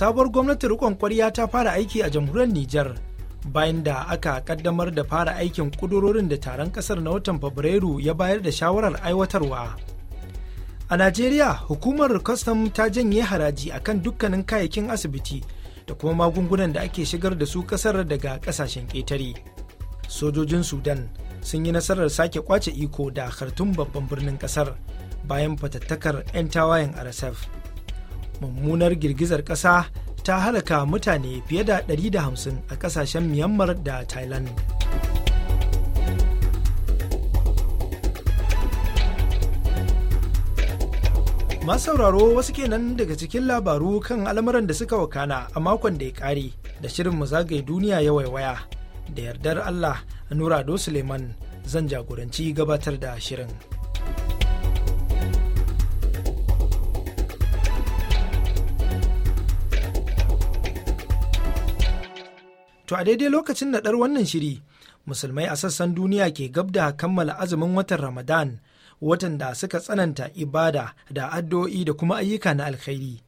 sabuwar gwamnatin rikon kwarya ta fara aiki a jamhuriyar Nijar bayan da aka kaddamar da fara aikin kudurorin da taron kasar na watan Fabrairu ya bayar da shawarar aiwatarwa. A Najeriya, hukumar kwastam ta janye haraji akan dukkanin kayayyakin asibiti da kuma magungunan da ake shigar da su kasar daga kasashen ƙetare. Sojojin Sudan sun yi nasarar sake kwace iko da babban birnin kasar bayan fatattakar 'yan tawayen RSF. mummunar girgizar ƙasa ta halaka mutane fiye da 150 a ƙasashen myanmar da thailand masu sauraro wasu kenan daga cikin labaru kan al'amuran da suka wakana a makon da ya kare da shirin mu zagaye duniya ya waiwaya da yardar allah nura ado suleiman zan jagoranci gabatar da shirin. To a daidai lokacin naɗar wannan shiri, musulmai a sassan duniya ke gab da kammala azumin watan Ramadan, watan da suka tsananta ibada da addu'o'i da kuma ayyuka na alkhairi.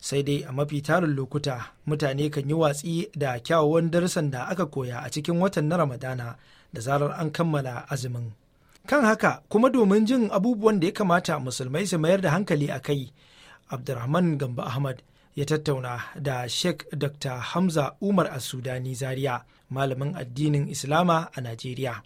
Sai dai a mafi tarin lokuta mutane kan yi watsi da kyawawan darussan da aka koya a cikin watan na Ramadana da zarar an kammala azumin. Kan haka kuma domin jin abubuwan da ya kamata musulmai su mayar da hankali a kai, Abdurrahman Gamba Ahmad ya tattauna da Sheikh Dr. Hamza Umar a sudani Zaria, malamin addinin Islama a Najeriya.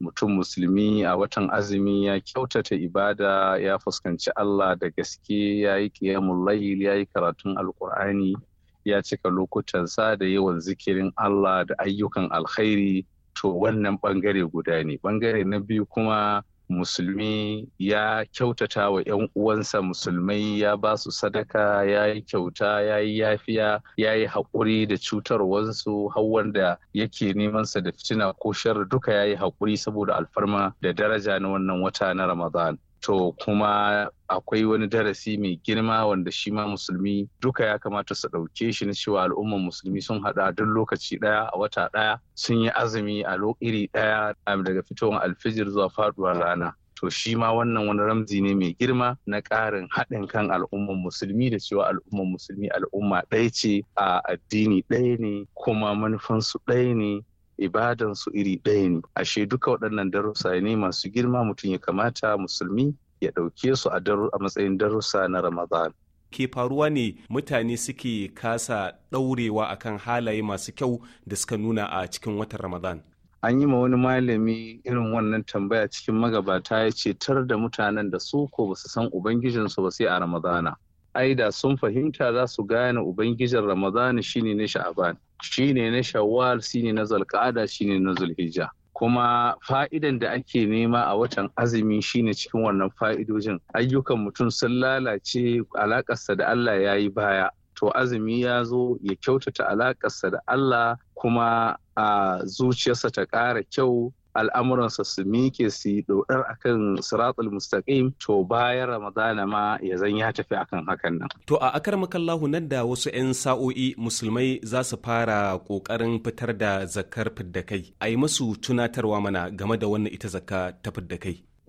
Mutum musulmi a watan azumi ya kyautata ibada ya fuskanci Allah da gaske ya yi ƙiyamun layil ya yi karatun alkur'ani ya cika lokutansa da yawan zikirin Allah da ayyukan alkhairi to wannan bangare guda ne. Bangare na biyu kuma musulmi ya kyautata wa 'yan uwansa musulmai ya ba su sadaka ya yi kyauta ya yi yafiya ya yi haƙuri da cutar cutarwansu hawan da yake nemansa da fitina ko shar duka ya yi haƙuri saboda alfarma da daraja na wannan wata na ramadan to kuma akwai wani darasi mai girma wanda shi ma musulmi duka ya kamata su ɗauke shi na cewa al'umman musulmi sun haɗa duk lokaci ɗaya a wata ɗaya sun yi azumi a iri ɗaya daga fitowar alfijir zuwa faɗuwar rana to shi ma wannan wani ramzi ne mai girma na ƙarin haɗin kan al'umman musulmi da cewa al'umman musulmi al'umma ɗaya ce a addini ɗaya ne kuma manufansu ɗaya ne ibadan su iri ɗaya ne ashe duka waɗannan darussa ne masu girma mutum ya kamata musulmi ya ɗauke su a matsayin darussa na ramadan ke faruwa ne mutane suke kasa ɗaurewa akan halaye masu kyau da suka nuna a cikin watan ramadan an yi ma wani malami irin wannan tambaya cikin magabata ya ce tar da mutanen da su ko basu san ubangijinsu ba sai a ramadana ai da sun fahimta za su gane ubangijin ramadana shine na sha'aban shine na shawwal shine na shi shine na zulhijja kuma fa'idan da ake nema a watan azumi shine cikin wannan fa'idojin ayyukan mutum sun lalace alakarsa da Allah ya yi baya to azumi ya zo ya kyautata alakarsa da Allah kuma a zuciyarsa ta ƙara kyau al'amuransa su mike su yi a akan siratul mustaqim to bayan ramadana ma ya zan ya tafi akan hakan nan to a akar makallahu nan da wasu 'yan sa'o'i musulmai za su fara ƙoƙarin fitar da zakar fidda kai a yi musu tunatarwa mana game da wannan ita zakka ta fidda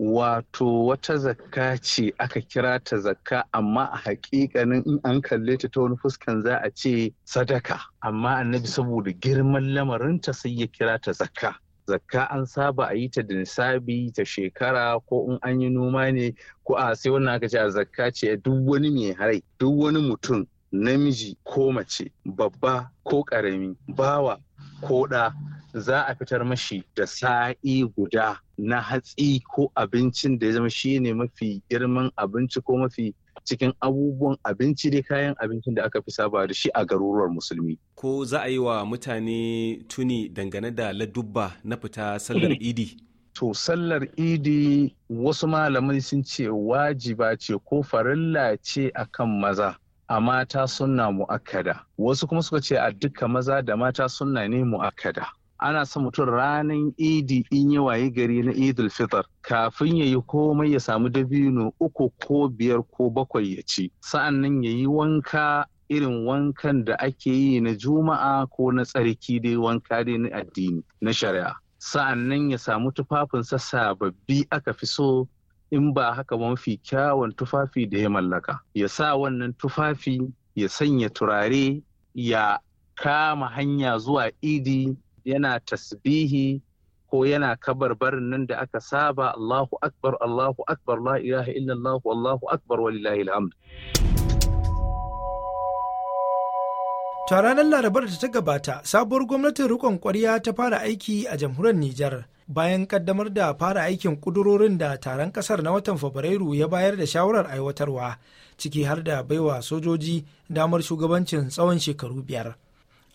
wato wata zakka ce aka kira ta zakka amma a hakikanin in an kalle ta ta wani fuskan za a ce sadaka amma annabi saboda girman lamarinta sai ya kira ta zakka zakka an saba a yi ta da nisabi ta shekara ko in an yi noma ne ko a sai wannan aka ce a zakka ce duk wani mai harai duk wani mutum namiji ko mace babba ko karami bawa ko ɗa za a fitar mashi da sa'i guda na hatsi ko abincin da ya zama shi ne mafi girman abinci ko mafi cikin abubuwan abinci da kayan abincin da aka fi saba da shi a garuruwar musulmi. Ko za a yi wa mutane tuni dangane da ladubba na fita sallar mm. idi? To sallar idi wasu malamai sun ce wajiba ce ko farilla ce kan maza. a mata suna mu'akkada wasu kuma suka ce a duka maza da mata suna ne mu'akkada ana son mutum ranar idi in yi waye gari na idul fitar kafin ya yi komai ya samu dabino uku ko biyar ko bakwai ya ci sa'an nan ya yi wanka irin wankan da ake yi na juma'a ko na tsarki dai wanka dai na addini na shari'a sa'an nan ya samu tufafinsa sababbi aka fi so in ba haka mafi kyawun tufafi da ya mallaka ya sa wannan tufafi ya sanya turare ya kama hanya zuwa idi yana tasbihi ko yana kabar barin nan da aka saba Allahu akbar Allahu akbar la ilaha illallah Allahu akbar walillahi alhamd Ta ranar Larabar da ta gabata, sabuwar gwamnatin rikon kwarya ta fara aiki a jamhuriyar Nijar bayan kaddamar da fara aikin kudurorin da taron kasar na watan Fabrairu ya bayar da shawarar aiwatarwa, ciki har da baiwa sojoji damar shugabancin tsawon shekaru biyar.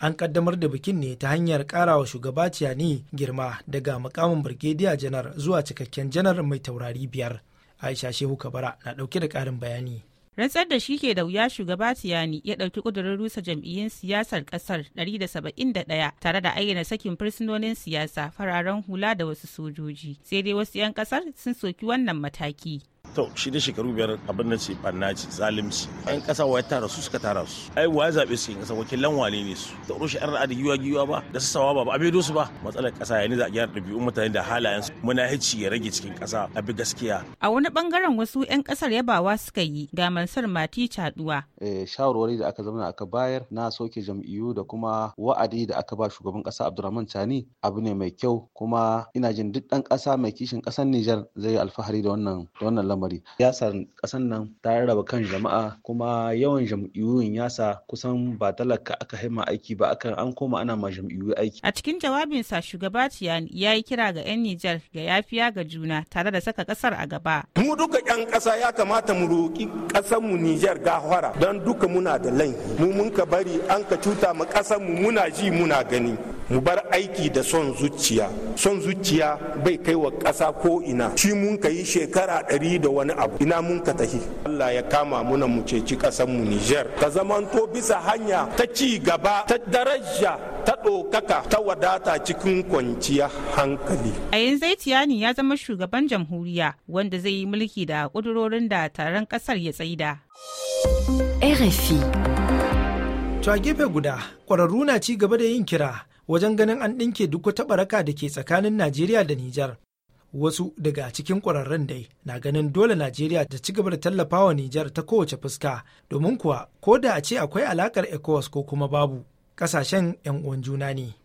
an kaddamar da bikin ne ta hanyar karawa shugaba ciyani girma daga mukamin birgediya janar zuwa cikakken janar mai taurari biyar aisha shehu kabara na dauke da karin bayani rantsar da shi ke da wuya shugaba tiyani ya ɗauki ƙudurin rusa jam'iyyun siyasar ƙasar 171 tare da ayyana sakin fursunonin siyasa fararen hula da wasu sojoji sai dai wasu 'yan ƙasar sun soki wannan mataki to shi da shekaru biyar abin da ce banna zalimci yan kasa waya tara su suka tara su ai waya zabe su yin kasa wakilan wane ne su da rushe an da giwa giwa ba da sassawa ba abedo su ba matsalar kasa ya za a gyara dabi'un mutane da halayen su muna hici ya rage cikin kasa a gaskiya a wani bangaren wasu yan kasar yabawa suka yi ga mansar mati caduwa eh, shawarwari da aka zama aka bayar na soke jam'iyyu da kuma wa'adi da aka ba shugaban kasa abdurrahman tani abu ne mai kyau kuma ina jin duk dan kasa mai kishin kasar nijar zai alfahari da wannan da wannan al'amari siyasar ƙasar nan ta rarraba kan jama'a kuma yawan jam'iyyun yasa kusan ba talaka aka haima aiki ba akan an koma ana ma jam'iyyu aiki a cikin jawabinsa shugaba Tiyan ya yi kira ga 'yan Nijar ga yafiya ga juna tare da saka kasar a gaba mu duka 'yan ƙasa ya kamata mu roki ƙasar mu Nijar hwara don duka muna da lain mu mun ka bari an ka cuta mu kasar mu muna ji muna gani mu bar aiki da son zuciya son zuciya bai kai wa ƙasa ko ina shi mun ka yi shekara ɗari da wani abu ina mun ka tahi Allah ya kama muna mu ceci ƙasar mu Niger ta zamanto bisa hanya ta ci gaba ta daraja ta ɗaukaka ta wadata cikin kwanciya hankali a yanzu tiyani ya zama shugaban jamhuriya wanda zai yi mulki da ƙudurorin da taron ƙasar ya tsaida. RFI To a gefe guda, ƙwararru na ci gaba da yin kira wajen ganin an ɗinke duk wata baraka da ke tsakanin Najeriya da Nijar. Wasu daga cikin ƙwararren dai na ganin dole Najeriya ta ci gaba da tallafawa Nijar ta kowace fuska domin kuwa ko da a ce akwai alaƙar ECOWAS ko kuma babu ƙasashen 'yan uwan juna ne.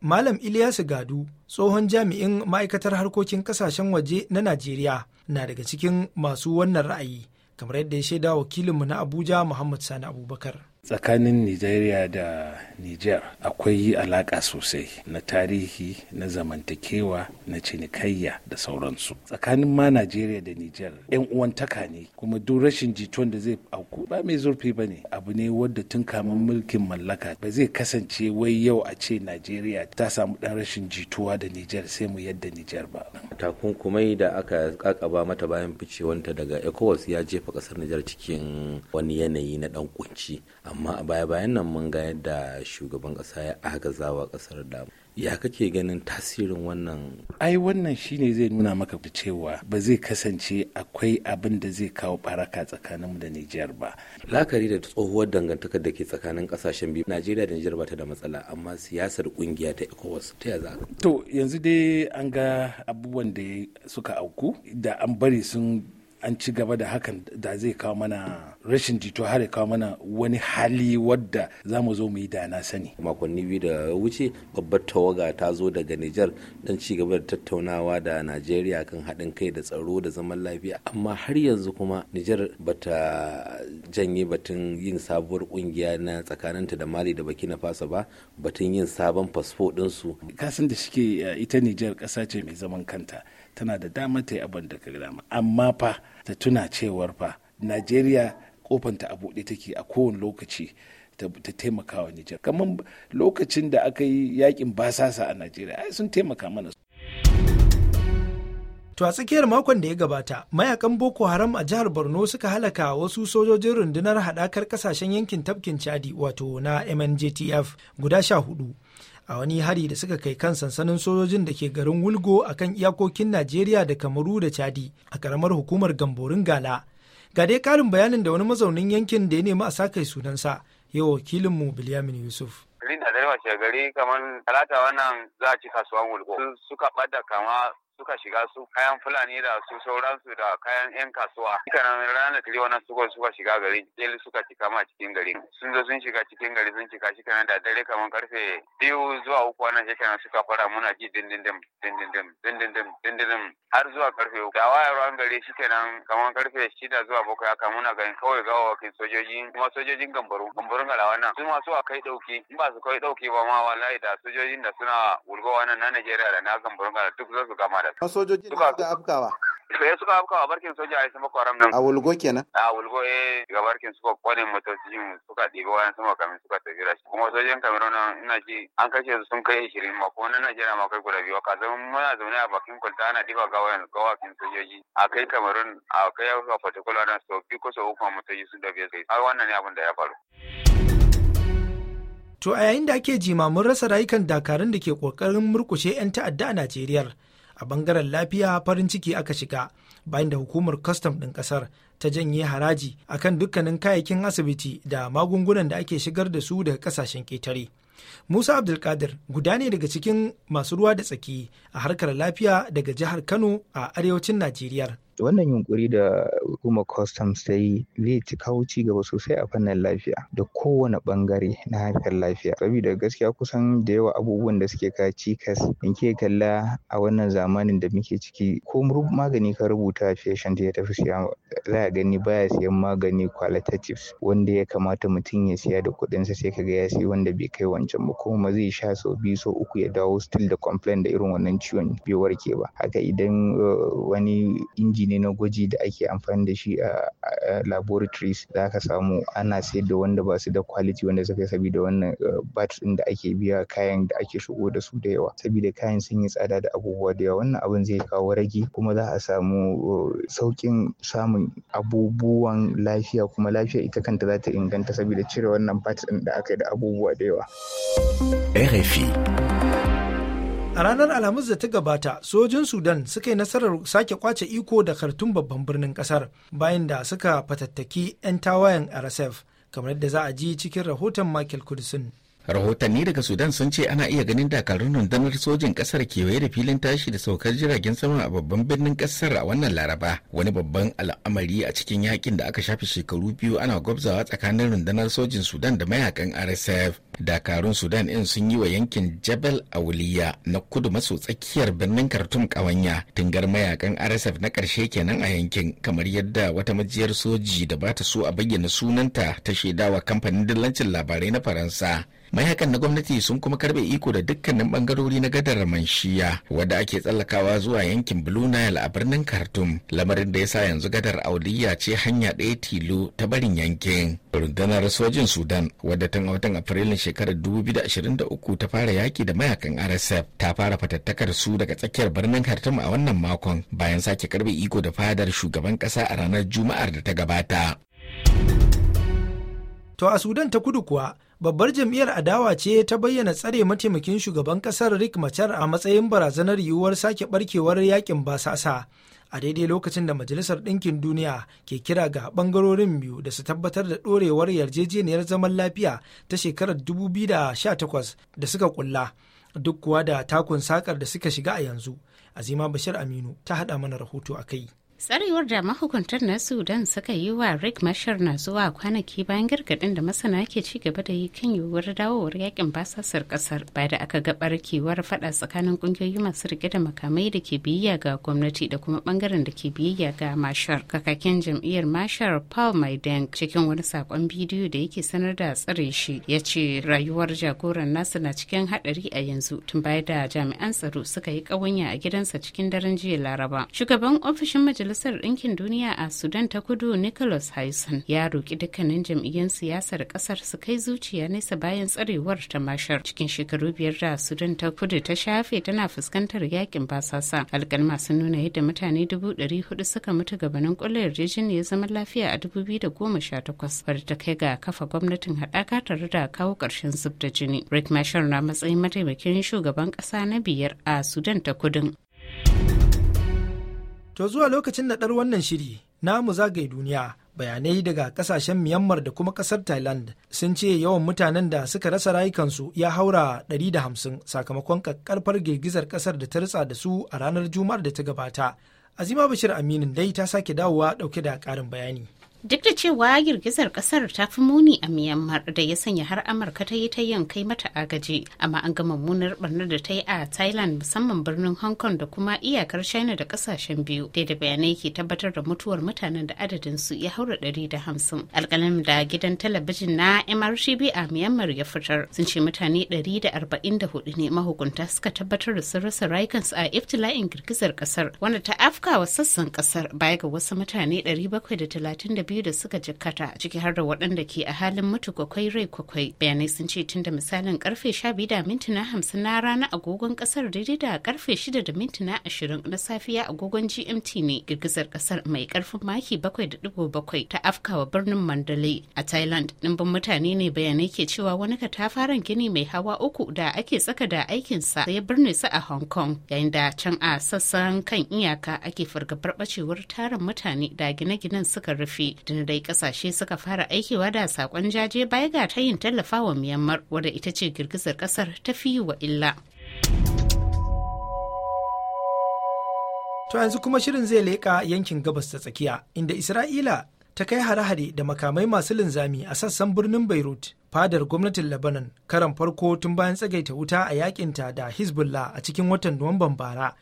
Malam Ilyasu Gadu tsohon jami'in ma'aikatar harkokin ƙasashen waje na Najeriya na daga cikin masu wannan ra'ayi kamar yadda ya shaida wakilinmu na Abuja Muhammad Sani Abubakar. tsakanin nigeria da niger akwai alaka sosai na tarihi na zamantakewa na cinikayya da sauransu tsakanin ma nigeria da niger yan uwantaka ne kuma duk rashin jiton da zai auku ba mai zurfi ba ne abu ne wadda tun kamun mulkin mallaka ba zai kasance wai yau a ce nigeria ta samu dan rashin jituwa da niger sai mu yadda niger ba takunkumai da aka kakaba mata bayan ficewanta daga ecowas ya jefa kasar niger cikin wani yanayi na dan kunci amma a baya bayan nan mun ga yadda shugaban ƙasa ya agazawa ƙasar da ya kake ganin tasirin wannan ai wannan shine zai nuna maka da cewa ba zai kasance akwai abin da zai kawo baraka tsakaninmu da Nijar ba lakari da tsohuwar dangantakar da ke tsakanin kasashen biyu Najeriya da Nijar ba ta da matsala amma siyasar kungiya ta ECOWAS ta ya to yanzu dai an ga abubuwan da suka auku da an bari sun an ci gaba da hakan da zai kawo mana rashin jito har ya kawo mana wani hali wadda za mu zo mu yi da sani makonni biyu da wuce babbar tawaga ta zo daga Nijar dan ci gaba da tattaunawa da Najeriya kan haɗin kai da tsaro da zaman lafiya amma har yanzu kuma Nijar bata janye batun yin sabuwar kungiya na tsakaninta da Mali da Burkina Faso ba batun yin sabon fasfo ɗinsu kasan da shike eh, ita Nijar ƙasa ce mai zaman kanta tana da dama ta yi abin da ka dama amma fa ta tuna cewar fa najeriya kofanta a buɗe take a kowane lokaci ta taimaka wa nijar kamar lokacin da aka yi yakin basasa a najeriya ai sun taimaka mana To a tsakiyar makon da ya gabata, mayakan Boko Haram a jihar Borno suka halaka wasu sojojin rundunar hadakar kasashen yankin tafkin Chadi wato na MNJTF guda sha hudu. a wani hari da suka kai kan sansanin sojojin da ke garin wulgo a kan iyakokin najeriya da kamaru da chadi a karamar hukumar gamborin gala ga dai karin bayanin da wani mazaunin yankin da ya nemi a sakai sunansa yau mu bilyamin yusuf Rin da dare shagari gari kamar talata wannan za a ci kasuwan wulgo. Suka bada kama suka shiga su kayan fulani da su sauransu da kayan yan kasuwa kanan ranar kiri wani suka suka shiga gari jeli suka cika ma cikin gari sun zo sun shiga cikin gari sun cika shi kanan da dare kamar karfe biyu zuwa uku wannan kanan suka fara muna ji dindindim dindindim dindindim dindindim har zuwa karfe uku da wayar ruwan gari shi kanan kamar karfe shida zuwa bakwai haka muna gani kawai gawawakin sojoji kuma sojojin gambaru gambarun galawa nan su masu a kai dauki in ba su kai dauki ba ma wallahi da sojojin da suna wulgowa nan na Najeriya da na gambarun galawa duk za su gama da A sojoji ne suka afkawa. sai eh, suka afkawa a barkin soja a sama kwaram nan. A wulgo kenan? A wulgo eh ga barkin suka kwanin motocin suka ɗibi wayan sama kamin suka tafi rashi. kuma Kuma kamar Cameroon ina ji an kashe su sun kai ishirin ma kuma na Najeriya ma kai guda biyu. Ka zama muna zaune a bakin kwalta ana ɗiba wayan gawakin sojoji. A kai Cameroon a kai Afirka particular na so biyu ko so uku motoci sun da sai. Har wannan ne abin da ya faru. To a yayin da ake jimamin rasa rayukan dakarun da ke ƙoƙarin murkushe 'yan ta'adda a Najeriya, a bangaren lafiya farin ciki aka shiga bayan da hukumar kwastam ɗin ƙasar ta janye haraji akan dukkanin kayayyakin asibiti da magungunan da ake shigar da su daga ƙasashen ƙetare musa abdulkadir guda ne daga cikin masu ruwa da tsaki a harkar lafiya daga jihar kano a arewacin najeriya wannan yunkuri da hukumar customs ta yi zai kawo ci gaba sosai a fannin lafiya da kowane bangare na harkar lafiya saboda gaskiya kusan da yawa abubuwan da suke kawo cikas in ke kalla a wannan zamanin da muke ciki ko magani ka rubuta patient ya tafi siya za a gani baya siyan magani qualitatives wanda ya kamata mutum ya siya da kuɗinsa sai ka ga ya siya wanda bai kai wancan ba kuma zai sha sau biyu sau uku ya dawo still da complain da irin wannan ciwon bai warke ba haka idan eh, wani inji inji ne na gwaji da ake amfani da shi a laboratories za ka samu ana sayar da wanda ba su da quality wanda suka sabida wannan eh, bat din da ake biya kayan da ake shigo da su da yawa sabida kayan sun yi tsada da abubuwa da yawa wannan abin zai kawo rage kuma za a samu eh, saukin samun abubuwan lafiya kuma lafiya ita kanta za ta inganta saboda cire wannan bat din da aka yi da abubuwa da yawa. RFI A ranar Alhamis da ta gabata, sojin Sudan suka yi nasarar sake kwace iko da kartun babban birnin kasar bayan da suka fatattaki 'yan tawayen RSF, kamar yadda za a ji cikin rahoton Michael kudusin. rahotanni daga sudan sun ce ana iya ganin dakarun rundunar sojin kasar kewaye da filin tashi da saukar jiragen sama a babban birnin kasar a wannan laraba wani babban al'amari a cikin yakin da aka shafe shekaru biyu ana gwabzawa tsakanin rundunar sojin sudan da mayakan rsf dakarun sudan in sun yi wa yankin jabal auliya na kudu maso tsakiyar birnin khartoum kawanya tungar mayakan rsf na karshe kenan a yankin kamar yadda wata majiyar soji da bata so a bayyana sunanta ta shaidawa kamfanin dillancin labarai na faransa mai hakan na gwamnati sun kuma karbe iko da dukkanin bangarori na gadar manshiya wadda ake tsallakawa zuwa yankin blue nile a birnin khartoum lamarin da ya sa yanzu gadar auliya ce hanya ɗaya tilo ta barin yankin rundunar sojin sudan wadda tun a watan afrilun shekarar 2023 ta fara yaki da mayakan rsf ta fara fatattakar su daga tsakiyar birnin khartoum a wannan makon bayan sake karbe iko da fadar shugaban kasa a ranar juma'ar da ta gabata. To a Sudan ta kudu kuwa babbar jam'iyyar adawa ce ta bayyana tsare mataimakin shugaban kasar Rick Machar a matsayin barazanar yiwuwar sake barkewar yakin basasa. A daidai lokacin da Majalisar Ɗinkin Duniya ke kira ga ɓangarorin biyu da su tabbatar da ɗorewar yarjejeniyar zaman lafiya ta shekarar 2018 da suka kulla. Duk kuwa da takun sakar da suka shiga a yanzu. Azima Bashir Aminu ta haɗa mana rahoto a kai. tsarewar da mahukuntar na sudan suka yi wa rick mashar na zuwa kwanaki bayan gargadin da masana ke ci gaba da yi kan yiwuwar dawowar yakin basasar kasar bayan da aka ga barkewar fada tsakanin kungiyoyi masu rike da makamai da ke biyayya ga gwamnati da kuma bangaren da ke biyayya ga mashar kakakin jam'iyyar mashar paul maiden cikin wani sakon bidiyo da yake sanar da tsare shi ya ce rayuwar jagoran nasu na cikin hadari a yanzu tun bayan da jami'an tsaro suka yi kawanya a gidansa cikin daren jiya laraba shugaban ofishin majalisar majalisar ɗinkin duniya a sudan ta kudu nicholas hyson ya roƙi dukkanin jam'iyyun siyasar ƙasar su kai zuciya nesa bayan tsarewar ta mashar cikin shekaru biyar da sudan ta kudu ta shafe tana fuskantar yakin basasa alƙalma sun nuna yadda mutane dubu ɗari hudu suka mutu gabanin rijin ya zama lafiya a dubu biyu da goma sha takwas wadda ta kai ga kafa gwamnatin haɗaka tare da kawo ƙarshen zub da jini rick mashar na matsayin mataimakin shugaban ƙasa na biyar a sudan ta kudu. To zuwa lokacin naɗar wannan shiri na namu zagaye duniya bayanai daga kasashen Myanmar da kuma ƙasar Thailand sun ce yawan mutanen da suka rasa rayukansu ya haura 150 sakamakon kakkarfar girgizar ƙasar da ta ritsa da su a ranar Juma'ar da ta gabata. Azima Bashir Aminu dai ta sake dawowa ɗauke da ƙarin bayani. Duk da cewa girgizar kasar ta fi muni a Myanmar da ya sanya har Amurka ta yi ta yin kai mata agaji, amma an ga mummunar barnar da ta yi a Thailand musamman birnin Hong Kong da kuma iyakar China da kasashen biyu. Dai da bayanai ke tabbatar da mutuwar mutanen da adadin su ya haura ɗari da hamsin. Alƙalin da gidan talabijin na MRCB a Myanmar ya fitar sun ce mutane ɗari da arba'in da hudu ne mahukunta suka tabbatar da sun rasa rayukansu a iftila'in girgizar kasar wanda ta afkawa sassan kasar baya ga wasu mutane ɗari bakwai da talatin biyu da suka jikkata ciki har da waɗanda ke a halin mutu kwakwai rai kwakwai bayanai sun ce tun da misalin karfe sha biyu da mintuna hamsin na rana agogon kasar daidai da karfe shida da mintuna ashirin na safiya agogon gmt ne girgizar kasar mai karfin maki bakwai da digo bakwai ta afkawa birnin mandalay a thailand ɗimbin mutane ne bayanai ke cewa wani katafaren gini mai hawa uku da ake tsaka da aikin aikinsa ya birne su a hong kong yayin da can a sassan kan iyaka ake fargabar bacewar tarin mutane da gine-ginen suka rufe tun dai kasashe suka fara aikewa da sakon jaje baya ga ta yin tallafa wa myanmar wadda ita ce girgizar kasar ta fi wa illa to yanzu kuma shirin zai leƙa yankin gabas ta tsakiya inda isra'ila ta kai hare-hare da makamai masu linzami a sassan birnin beirut fadar gwamnatin lebanon karan farko tun bayan tsagaita wuta a yakinta da hezbollah a cikin watan nuwamban bara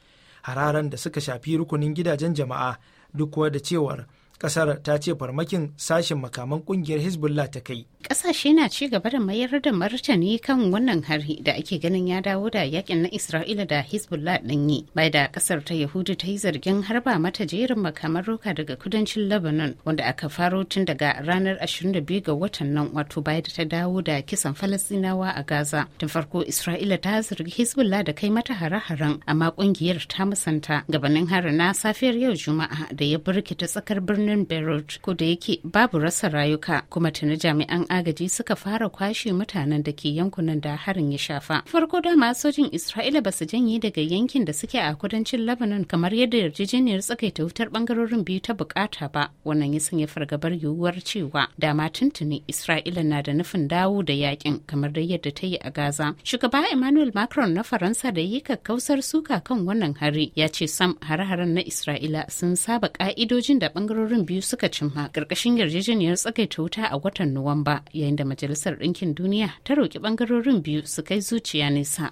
hararan da suka shafi rukunin gidajen jama'a duk kuwa da cewar kasar ta ce farmakin sashen makaman kungiyar hezbollah ta kai kasashe na ci gaba da mayar da martani kan wannan hari da ake ganin ya dawo da yakin na isra'ila da hezbollah din yi bai da kasar ta yahudu ta yi zargin harba mata jerin makaman roka daga kudancin lebanon wanda aka faro tun daga ranar 22 ga watan nan wato bai da ta dawo da kisan falastinawa a gaza tun farko isra'ila ta zargi hezbollah da kai mata hare-haren amma kungiyar ta musanta gabanin harin na safiyar yau juma'a da ya burkita tsakar birnin birnin beirut ko da yake babu rasa rayuka kuma tuni jami'an agaji suka fara kwashe mutanen da ke yankunan da harin ya shafa farko dama sojin isra'ila ba su janye daga yankin da suke a kudancin lebanon kamar yadda yarjejeniyar tsakaita wutar bangarorin biyu ta bukata ba wannan ya sanya fargabar yiwuwar cewa dama tuntuni isra'ila na da nufin dawo da yakin kamar da yadda ta yi a gaza shugaba emmanuel macron na faransa da yi kakkausar suka kan wannan hari ya ce sam hare-haren na isra'ila sun saba ka'idojin da bangarorin kasashen biyu suka cimma ƙarƙashin yarjejeniyar tsagaita wuta a watan Nuwamba yayin da Majalisar Ɗinkin Duniya ta roƙi ɓangarorin biyu su kai zuciya nesa.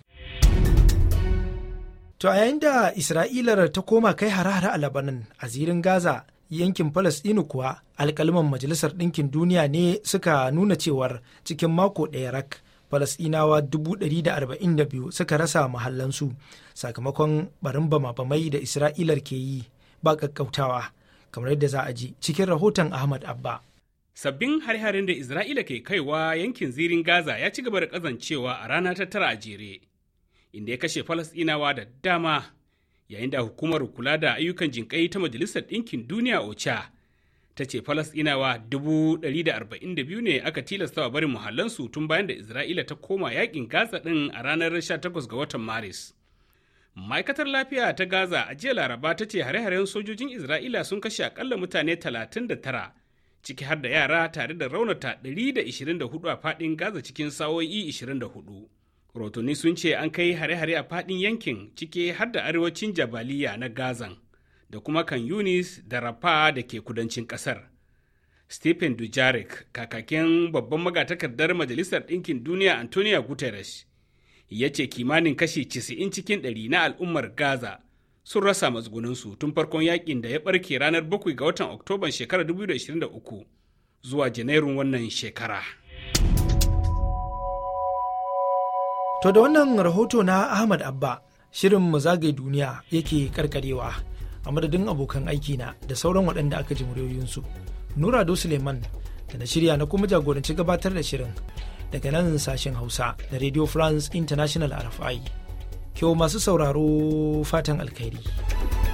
To a yayin da Isra'ilar ta koma kai hare-hare a labanin a zirin Gaza yankin Falasɗinu kuwa alkaliman Majalisar Ɗinkin Duniya ne suka nuna cewar cikin mako ɗaya rak Falasɗinawa 142 suka rasa mahallansu sakamakon barin bama-bamai da Isra'ilar ke yi ba ƙaƙƙautawa. kamar yadda za a ji cikin rahoton Ahmad Abba. Sabbin hare harin da Isra'ila ke kaiwa yankin zirin Gaza ya ci gaba da kazancewa a rana ta tara a jere, inda ya kashe Falasɗinawa da dama yayin da hukumar kula da ayyukan jinƙai ta Majalisar Ɗinkin Duniya OCHA ta ce Falasɗinawa 142 ne aka tilasta wa barin muhallansu tun bayan da Isra'ila ta koma yakin Gaza ɗin a ranar 18 ga watan Maris. ma'aikatar lafiya ta gaza a jiya laraba ta ce hare-haren sojojin isra'ila sun kashe akalla mutane 39 ciki har da yara tare da raunata 124 a fadin gaza cikin sa'o'i 24 rotoni sun ce an kai hare-hare a fadin yankin ciki har da arewacin jabaliya na gazan da kuma kan yunis da rafa da ke kudancin kasar stephen dujarric kakakin babban magatakardar majalisar ɗinkin duniya antonio guterres ya ce kimanin kashi 90 cikin 100 na al'ummar Gaza sun rasa matsugunansu tun farkon yakin da ya barke ranar 7 ga watan Oktoban shekarar 2023 zuwa Janairun wannan shekara. To da wannan rahoto na Ahmad Abba, shirin mu zagaye duniya yake karkarewa a madadin abokan aiki na da sauran waɗanda aka ji muryoyinsu. Nura Suleiman da na shirya na kuma jagoranci gabatar da shirin daga nan sashen Hausa da Radio France International RFI. Kyau masu sauraro fatan alkhairi.